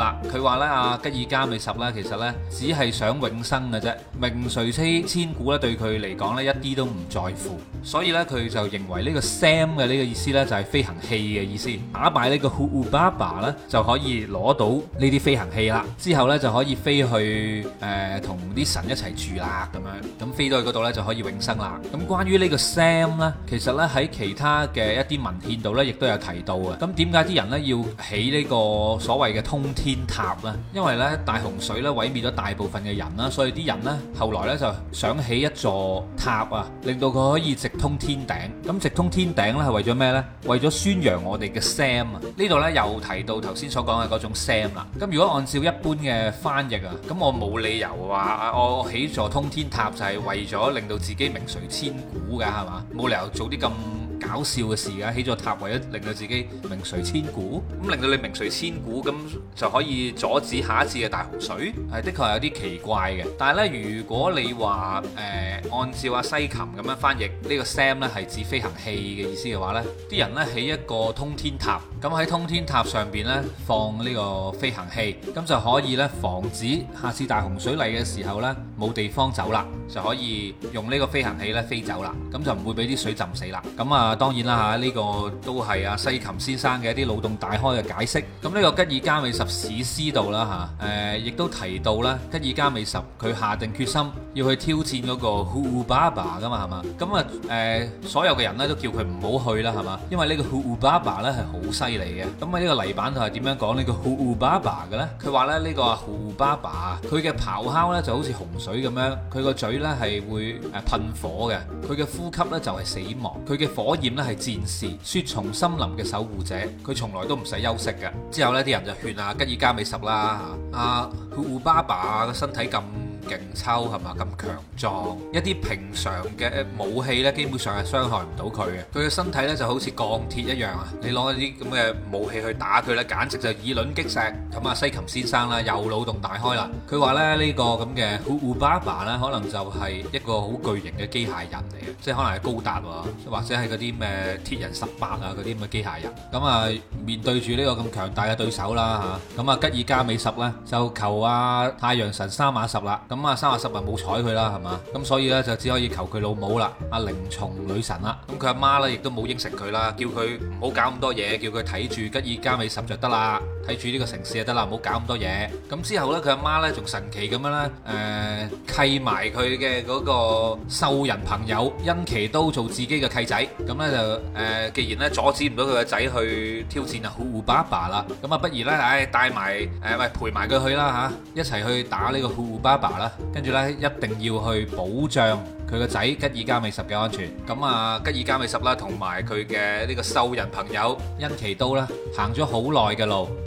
嗱，佢話咧，阿吉爾加美什咧，其實咧只係想永生嘅啫，名垂千古咧，對佢嚟講咧一啲都唔在乎，所以咧佢就認為呢個 Sam 嘅呢個意思咧就係飛行器嘅意思，打敗呢個呼巴巴咧就可以攞到呢啲飛行器啦，之後咧就可以飛去誒同啲神一齊住啦，咁樣咁飛到去嗰度咧就可以永生啦。咁關於呢個 Sam 咧，其實咧喺其他嘅一啲文獻度咧亦都有提到啊。咁點解啲人咧要起呢個所謂嘅通天？天塔啦，因為咧大洪水咧毀滅咗大部分嘅人啦，所以啲人咧後來咧就想起一座塔啊，令到佢可以直通天頂。咁直通天頂咧係為咗咩呢？為咗宣揚我哋嘅 Sam 啊！呢度咧又提到頭先所講嘅嗰種 Sam 啦。咁如果按照一般嘅翻譯啊，咁我冇理由話我起座通天塔就係為咗令到自己名垂千古噶，係嘛？冇理由做啲咁。搞笑嘅事㗎，起咗塔為咗令到自己名垂千古，咁令到你名垂千古，咁就可以阻止下一次嘅大洪水。係的確係有啲奇怪嘅，但係呢，如果你話誒、呃、按照阿西琴咁樣翻譯呢、呢個 sam 呢係指飛行器嘅意思嘅話呢，啲人呢，起一個通天塔。咁喺通天塔上邊呢，放呢個飛行器，咁就可以呢，防止下次大洪水嚟嘅時候呢，冇地方走啦，就可以用呢個飛行器呢飛走啦，咁就唔會俾啲水浸死啦。咁啊當然啦嚇，呢、這個都係阿西琴先生嘅一啲腦洞大開嘅解釋。咁呢個吉爾加美什史詩度啦嚇，誒、啊、亦都提到啦，吉爾加美什佢下定決心要去挑戰嗰個烏烏巴巴噶嘛係嘛？咁啊誒所有嘅人呢都叫佢唔好去啦係嘛？因為呢個烏烏巴巴咧係好犀嚟嘅。咁啊，呢個泥板圖係點樣講咧？這個 Humbaba 嘅呢？佢話咧，呢個 Humbaba 佢嘅咆哮呢就好似洪水咁樣，佢個嘴呢係會誒噴火嘅，佢嘅呼吸呢就係死亡，佢嘅火焰呢係戰士雪松森林嘅守護者，佢從來都唔使休息嘅。之後呢啲人就勸啊吉爾加美什啦，啊 Humbaba 個身體咁。勁抽係嘛，咁強壯，一啲平常嘅武器咧，基本上係傷害唔到佢嘅。佢嘅身體咧就好似鋼鐵一樣啊！你攞啲咁嘅武器去打佢咧，簡直就以卵擊石。咁啊，西琴先生啦，又腦洞大開啦。佢話咧呢個咁嘅 Humbaba 啦，可能就係一個好巨型嘅機械人嚟嘅，即係可能係高達啊，或者係嗰啲咩鐵人十八啊嗰啲咁嘅機械人。咁啊，面對住呢個咁強大嘅對手啦吓，咁啊吉爾加美什咧就求啊太陽神三馬十啦咁。咁啊，三啊十日冇睬佢啦，係嘛？咁所以呢，就只可以求佢老母啦，阿靈崇女神啦。咁佢阿媽呢，亦都冇應承佢啦，叫佢唔好搞咁多嘢，叫佢睇住吉爾加美什就得啦。睇住呢個城市就得啦，唔好搞咁多嘢。咁之後咧，佢阿媽咧仲神奇咁樣咧，誒契埋佢嘅嗰個獸人朋友恩奇都做自己嘅契仔。咁咧就誒，既然咧阻止唔到佢個仔去挑戰啊酷烏巴爸啦，咁啊，不如咧唉帶埋誒唔係陪埋佢去啦嚇，一齊去打呢個酷烏巴爸啦。跟住咧一定要去保障佢個仔吉爾伽美什嘅安全。咁啊吉爾伽美什啦，同埋佢嘅呢個獸人朋友恩奇都啦，行咗好耐嘅路。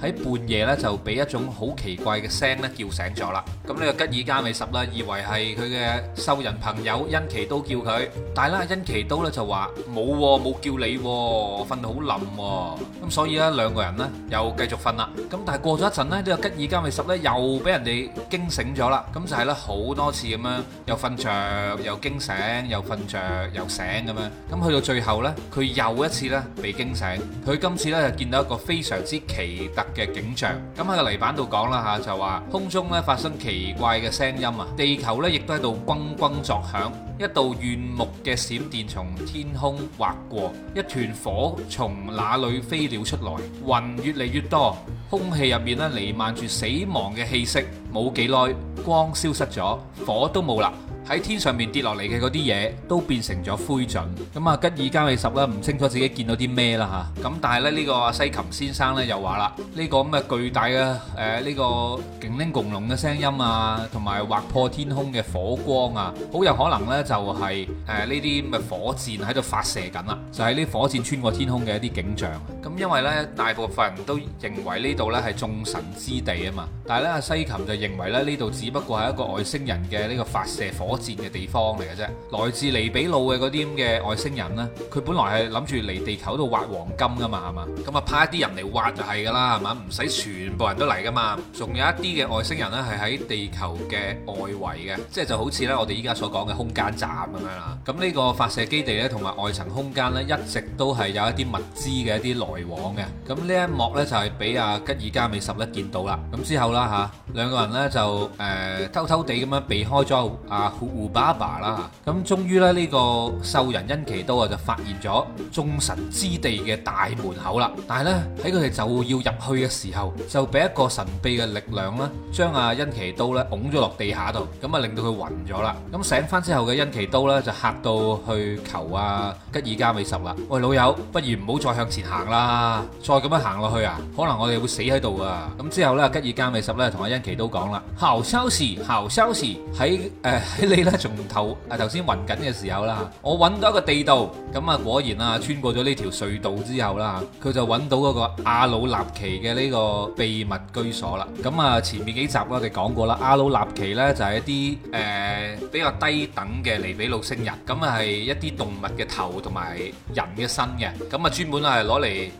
喺半夜咧就俾一種好奇怪嘅聲咧叫醒咗啦。咁呢個吉爾伽美什咧以為係佢嘅獸人朋友因奇都叫佢，但係咧因奇都咧就話冇喎，冇叫你喎，我瞓到好冧喎。咁所以咧兩個人咧又繼續瞓啦。咁但係過咗一陣咧，呢個吉爾伽美什咧又俾人哋驚醒咗啦。咁就係咧好多次咁樣又瞓著又驚醒又瞓著又醒咁樣。咁去到最後咧，佢又一次咧被驚醒。佢今次咧就見到一個非常之奇特嘅景象，咁喺個泥板度講啦吓，就話空中咧發生奇怪嘅聲音啊，地球咧亦都喺度轟轟作響，一道炫目嘅閃電從天空劃過，一團火從那裏飛了出來，雲越嚟越多，空氣入面咧彌漫住死亡嘅氣息，冇幾耐光消失咗，火都冇啦。喺天上面跌落嚟嘅嗰啲嘢都變成咗灰燼。咁啊吉爾加美什咧唔清楚自己見到啲咩啦嚇，咁但係咧呢個西琴先生咧又話啦，呢、這個咁嘅巨大嘅誒呢個鈴鈴共鳴嘅聲音啊，同埋劃破天空嘅火光啊，好有可能呢、就是呃，就係誒呢啲咪火箭喺度發射緊啦，就係呢火箭穿過天空嘅一啲景象。咁因為呢，大部分人都認為呢度呢係眾神之地啊嘛。但係咧，阿西琴就認為咧，呢度只不過係一個外星人嘅呢個發射火箭嘅地方嚟嘅啫。來自尼比魯嘅嗰啲咁嘅外星人咧，佢本來係諗住嚟地球度挖黃金㗎嘛，係嘛？咁啊，派一啲人嚟挖就係㗎啦，係嘛？唔使全部人都嚟㗎嘛。仲有一啲嘅外星人咧，係喺地球嘅外圍嘅，即係就好似咧我哋依家所講嘅空間站咁樣啦。咁呢個發射基地咧，同埋外層空間咧，一直都係有一啲物資嘅一啲來往嘅。咁呢一幕咧，就係俾阿吉爾加美十一見到啦。咁之後咧。啦嚇，兩個人咧就誒偷偷地咁樣避開咗阿胡胡巴爸啦嚇，咁終於咧呢個獸人恩奇都啊就發現咗眾神之地嘅大門口啦，但係咧喺佢哋就要入去嘅時候，就俾一個神秘嘅力量咧將阿恩奇都咧拱咗落地下度，咁啊令到佢暈咗啦，咁醒翻之後嘅恩奇都咧就嚇到去求阿吉爾加美什啦，喂老友，不如唔好再向前行啦，再咁樣行落去啊，可能我哋會死喺度啊，咁之後咧吉爾加美。同阿欣琪都講啦，好消息，好消息，喺誒喺你咧，從頭啊頭先暈緊嘅時候啦，我揾到一個地道，咁啊果然啊穿過咗呢條隧道之後啦，佢就揾到嗰個阿魯納奇嘅呢個秘密居所啦。咁啊前面幾集我哋講過啦，阿魯納奇呢就係、是、一啲誒、呃、比較低等嘅尼比魯星人，咁啊係一啲動物嘅頭同埋人嘅身嘅，咁啊專門係攞嚟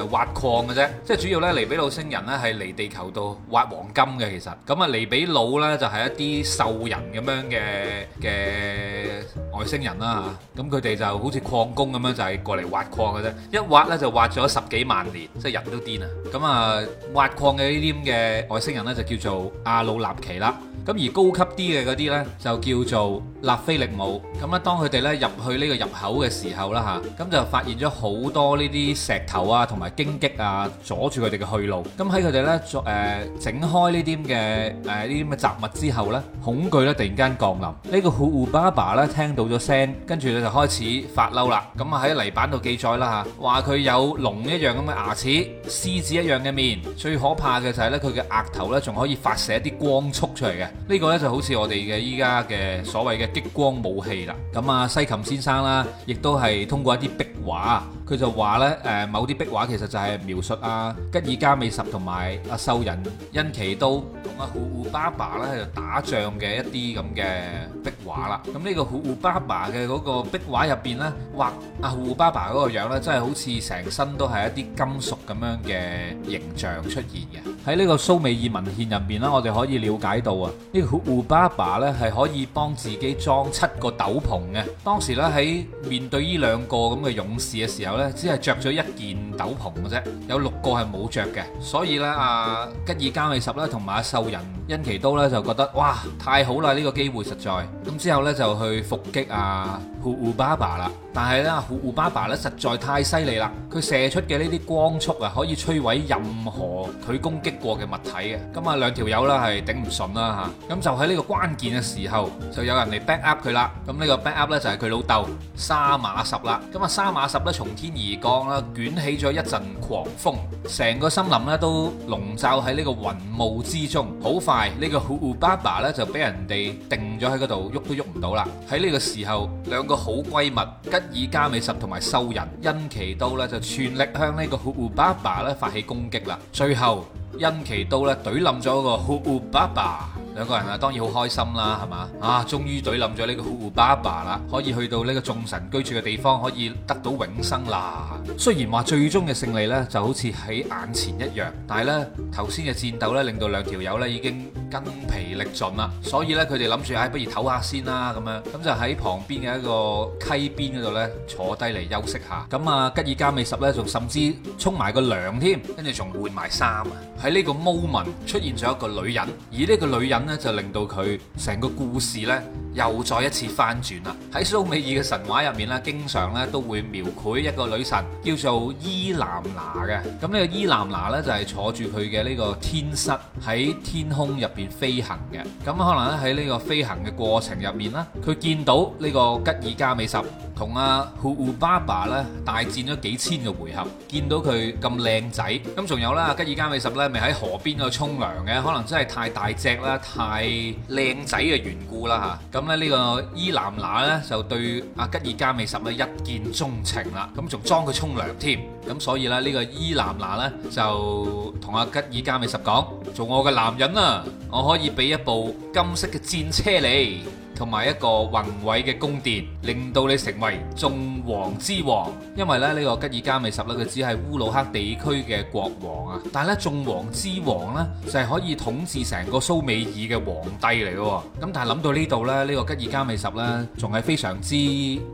誒挖礦嘅啫，即係主要呢，尼比魯星人呢係嚟地球度挖。黃金嘅其實，咁啊，尼比魯咧就係一啲獸人咁樣嘅嘅外星人啦嚇，咁佢哋就好似礦工咁樣，就係過嚟挖礦嘅啫，一挖咧就挖咗十幾萬年，即係人都癲啊！咁啊，挖礦嘅呢啲咁嘅外星人咧就叫做阿魯納奇啦，咁而高級啲嘅嗰啲咧就叫做納菲力姆，咁咧當佢哋咧入去呢個入口嘅時候啦嚇，咁就發現咗好多呢啲石頭啊同埋荊棘啊阻住佢哋嘅去路，咁喺佢哋咧做誒整，開呢啲嘅誒呢啲嘅雜物之後呢，恐懼咧突然間降臨。呢個胡胡巴巴咧聽到咗聲，跟住佢就開始發嬲啦。咁啊喺泥板度記載啦吓，話佢有龍一樣咁嘅牙齒，獅子一樣嘅面，最可怕嘅就係咧佢嘅額頭咧仲可以發射啲光束出嚟嘅。呢個呢就好似我哋嘅依家嘅所謂嘅激光武器啦。咁啊西琴先生啦，亦都係通過一啲壁畫。佢就話呢，誒某啲壁畫其實就係描述啊吉爾加美什同埋阿修人恩奇都同阿胡胡巴巴咧喺度打仗嘅一啲咁嘅壁畫啦。咁、這、呢個胡胡巴巴嘅嗰個壁畫入邊呢，畫阿胡胡巴巴嗰個樣咧，真係好似成身都係一啲金屬咁樣嘅形象出現嘅。喺呢個蘇美爾文獻入邊呢，我哋可以了解到啊，呢、這個、胡胡巴巴呢係可以幫自己裝七個斗篷嘅。當時呢，喺面對呢兩個咁嘅勇士嘅時候，只係着咗一件斗篷嘅啫，有六個係冇着嘅，所以咧阿、啊、吉爾加美什咧同埋阿獸人恩奇都咧就覺得哇，太好啦！呢、呢個機會實在，咁之後咧就去伏擊阿烏巴巴啦。但係咧，虎胡巴爸咧實在太犀利啦！佢射出嘅呢啲光束啊，可以摧毀任何佢攻擊過嘅物體嘅。咁啊，兩條友啦係頂唔順啦吓，咁就喺呢個關鍵嘅時候，就有人嚟 back up 佢啦。咁呢個 back up 咧就係佢老豆沙馬什啦。咁啊，沙馬什咧從天而降啦，捲起咗一陣狂風，成個森林咧都籠罩喺呢個雲霧之中。好快，呢個虎胡巴爸咧就俾人哋定咗喺嗰度，喐都喐唔到啦。喺呢個時候，兩個好閨蜜跟。以加美十同埋獸人，因其刀呢就全力向個呢個胡巴巴咧發起攻擊啦！最後。因奇都咧，懟冧咗個 Hoo Baba 兩個人啊，當然好開心啦，係嘛？啊，終於懟冧咗呢個 Hoo Baba 啦，可以去到呢個眾神居住嘅地方，可以得到永生啦。雖然話最終嘅勝利呢就好似喺眼前一樣，但係呢頭先嘅戰鬥呢令到兩條友呢已經筋疲力盡啦，所以呢，佢哋諗住唉，不如唞下先啦咁樣，咁就喺旁邊嘅一個溪邊嗰度呢坐低嚟休息下。咁啊，吉爾伽美什呢仲甚至沖埋個涼添，跟住仲換埋衫啊！喺呢個 moment 出現咗一個女人，而呢個女人呢，就令到佢成個故事呢，又再一次翻轉啦。喺蘇美爾嘅神話入面呢，經常呢都會描繪一個女神叫做伊南娜嘅。咁、這、呢個伊南娜呢，就係坐住佢嘅呢個天室喺天空入邊飛行嘅。咁可能咧喺呢個飛行嘅過程入面呢，佢見到呢個吉爾伽美什。同阿、啊、胡巴巴咧大戰咗幾千個回合，見到佢咁靚仔，咁仲有啦吉爾加美什咧，咪喺河邊度沖涼嘅，可能真係太大隻啦，太靚仔嘅緣故啦吓，咁咧呢個伊南娜咧就對阿吉爾加美什咧一見鐘情見鍾情啦，咁仲裝佢沖涼添。咁、啊、所以啦呢個伊南娜咧就同阿吉爾加美什講：做我嘅男人啊，我可以俾一部金色嘅戰車你。同埋一個宏偉嘅宮殿，令到你成為眾王之王。因為咧呢個吉爾加美什咧，佢只係烏魯克地區嘅國王啊。但係咧眾王之王呢，就係、是、可以統治成個蘇美爾嘅皇帝嚟嘅。咁但係諗到呢度咧，呢、這個吉爾加美什呢，仲係非常之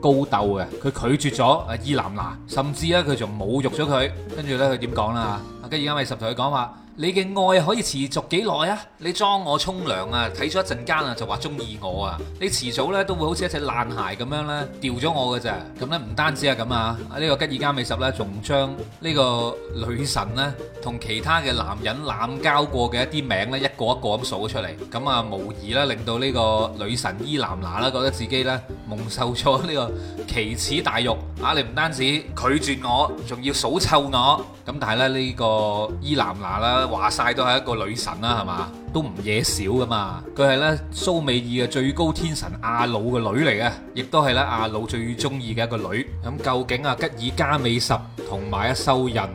高鬥嘅。佢拒絕咗阿伊南娜，甚至咧佢仲侮辱咗佢。跟住呢，佢點講啦？阿吉爾加美什同佢講話。你嘅愛可以持續幾耐啊？你裝我沖涼啊，睇咗一陣間啊，就話中意我啊！你遲早呢，都會好似一隻爛鞋咁樣呢，掉咗我嘅咋咁呢？唔單止係咁啊，呢、呢個吉爾加美什呢，仲將呢個女神呢，同其他嘅男人濫交過嘅一啲名呢，一個一個咁數咗出嚟。咁啊，無疑呢，令到呢個女神伊南娜啦，覺得自己呢，蒙受咗呢個奇恥大辱啊！你唔單止拒絕我，仲要數臭我。咁但係咧，呢個伊南娜啦，話晒都係一個女神啦，係嘛？都唔嘢少噶嘛。佢係咧，蘇美爾嘅最高天神阿魯嘅女嚟嘅，亦都係咧，阿魯最中意嘅一個女。咁究竟阿吉爾加美什同埋阿獸人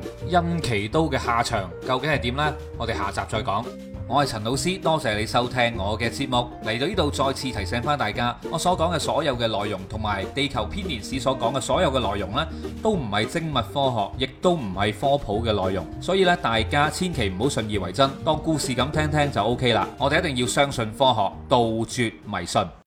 恩奇都嘅下場究竟係點咧？我哋下集再講。我係陳老師，多謝你收聽我嘅節目。嚟到呢度，再次提醒翻大家，我所講嘅所有嘅內容，同埋地球編年史所講嘅所有嘅內容呢，都唔係精密科學，亦都唔係科普嘅內容，所以咧，大家千祈唔好信以為真，當故事咁聽聽就 OK 啦。我哋一定要相信科學，杜絕迷信。